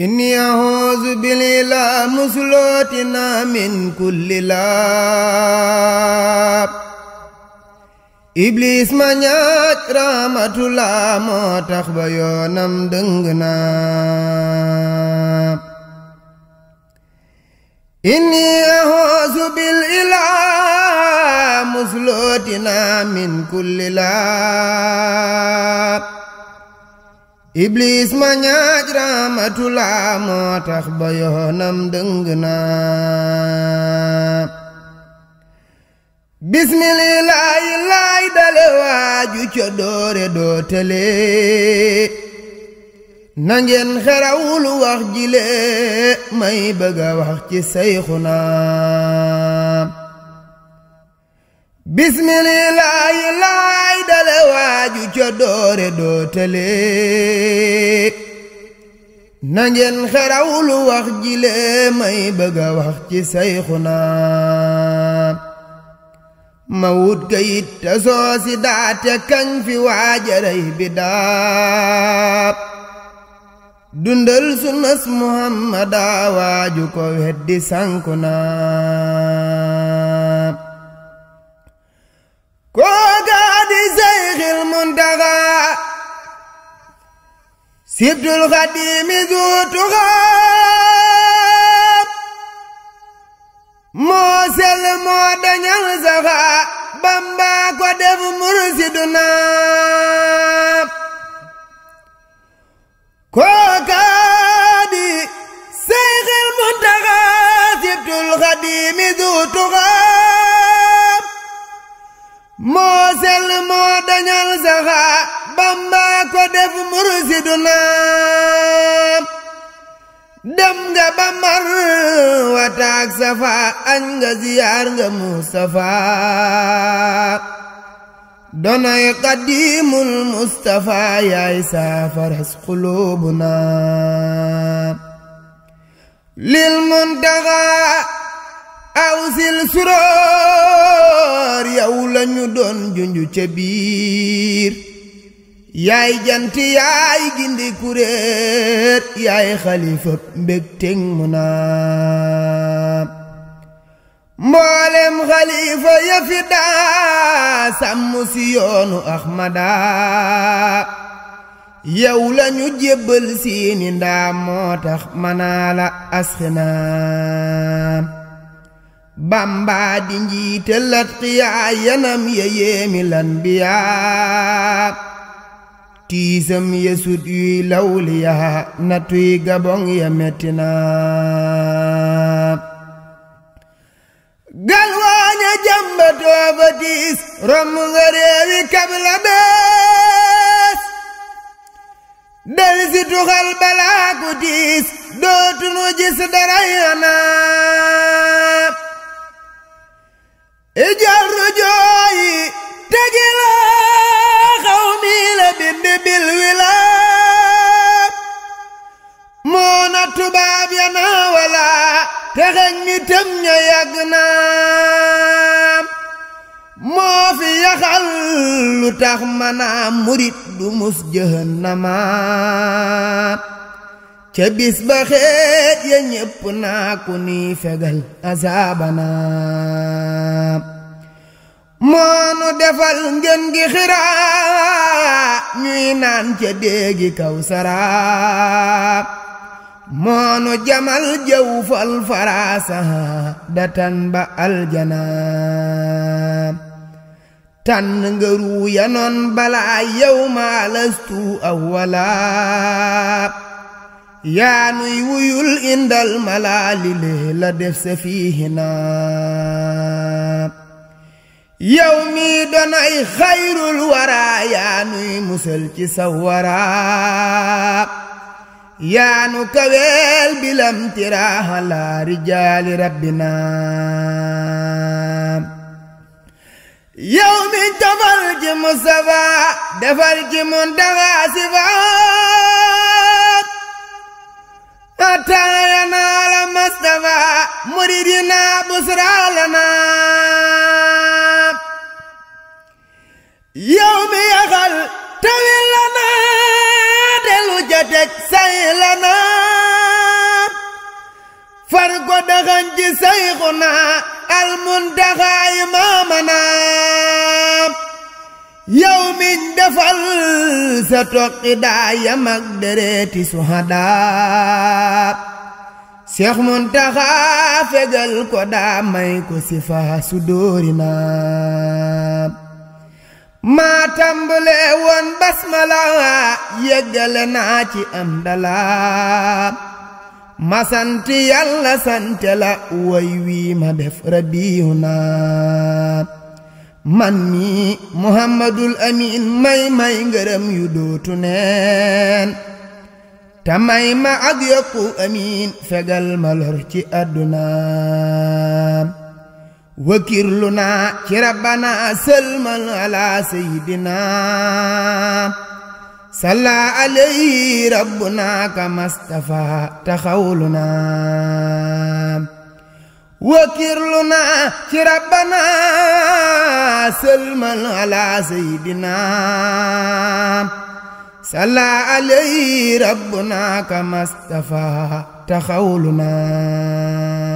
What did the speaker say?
إني أعوذ بالله مسلوتنا من كل لاب Iblis ma ñaaj raamatulaa moo tax ba yoonam dëng naa inni ahoosu bil ilaa muslootina min kulli laa iblis ma ñaaj ramatula moo tax ba yoonam dëng na bismillaahi laay dale waaju ca doore dootale nangeen xerawul wax jile may bëgga wax ci sayxu naa bismillaahi laay dale waaju ca doore dootale nangeen xerawlu wax jile may bëgga wax ci sayxuna ma wut kayit te soosi daate kañ fi waajaray bi daab dundal sunnas muhammada waaju ko weddi sanku na kookaa di Seyxil Muntaxaa sibtul xadiimi zuutuxaa moo sell moo dañal saxaa Bamba ko def mursidunaa kookaa di Seyxil Muntaxaa sibtul xadiimi moo dañal bamba ko def mursiduna dem nga ba mar wataak safa an nga ziar nga mustafa ya qadimul mustafa ya isa saafaras qulubuna lil muntaha aw sil suróor yow lañu doon junju ca biir yaay jant yaay gindi kuréet yaay xalifa mbég teg mu mboolem xalifa yëfi daa sàmm si yoonu Ahmada yow lañu jébbal seeni ndaa moo tax manaa la asxinaam bamba di njiite latqiyaa yanam ya yéemi lanbiyaa tiisam ya sut yuy lawliyaa natuy gabong ya mettina galwaaña jamba tooba tiis romb nga réewi kabla bees del si balaaku tiis dootunu gis dara yanaa pexeñ mi tëm moo fi yaxal lu tax manaam murit du mus ca bis ba xeet ya ñépp naa ku ni fegal azaabanaam moonu defal ngeen gi xiraa ñuy naan ca déegi kaw moonu jamal jëw fal faraasa datan ba aljanaam tànn nga ruu balaa yow lastu awwalaab yaa wuyul indal malaali lee def sa fiihinaam yow mii donay waraa yaa nuy ci sa waraab yaanu kaweel bilam tiraaxa laa rijaali rabbina yow mi tafal ci Mustafa defal ci Muntaxa sifaat ataaya naa la Mustafa muridina busraa lana yow dëxañ ci sayxuna al muntaxa imaamana defal sa toqi daa yam ak dereeti seex muntaxa fegal ko daa ko sifa su dóorina maa tambale woon basmala yeggale naa am dala ma sant yàlla sant la woy ma def rabiyu naa man mi muhammadul amin may may ngërëm yu dootu neen te may ma ak yokku fegal ma lor ci àdduna wakirlu naa ci rabbana sëlmal ala sayidina صلى عليه ربنا كما استفى تخولنا وكرلنا في ربنا سلما على سيدنا صلى عليه ربنا كما استفى تخولنا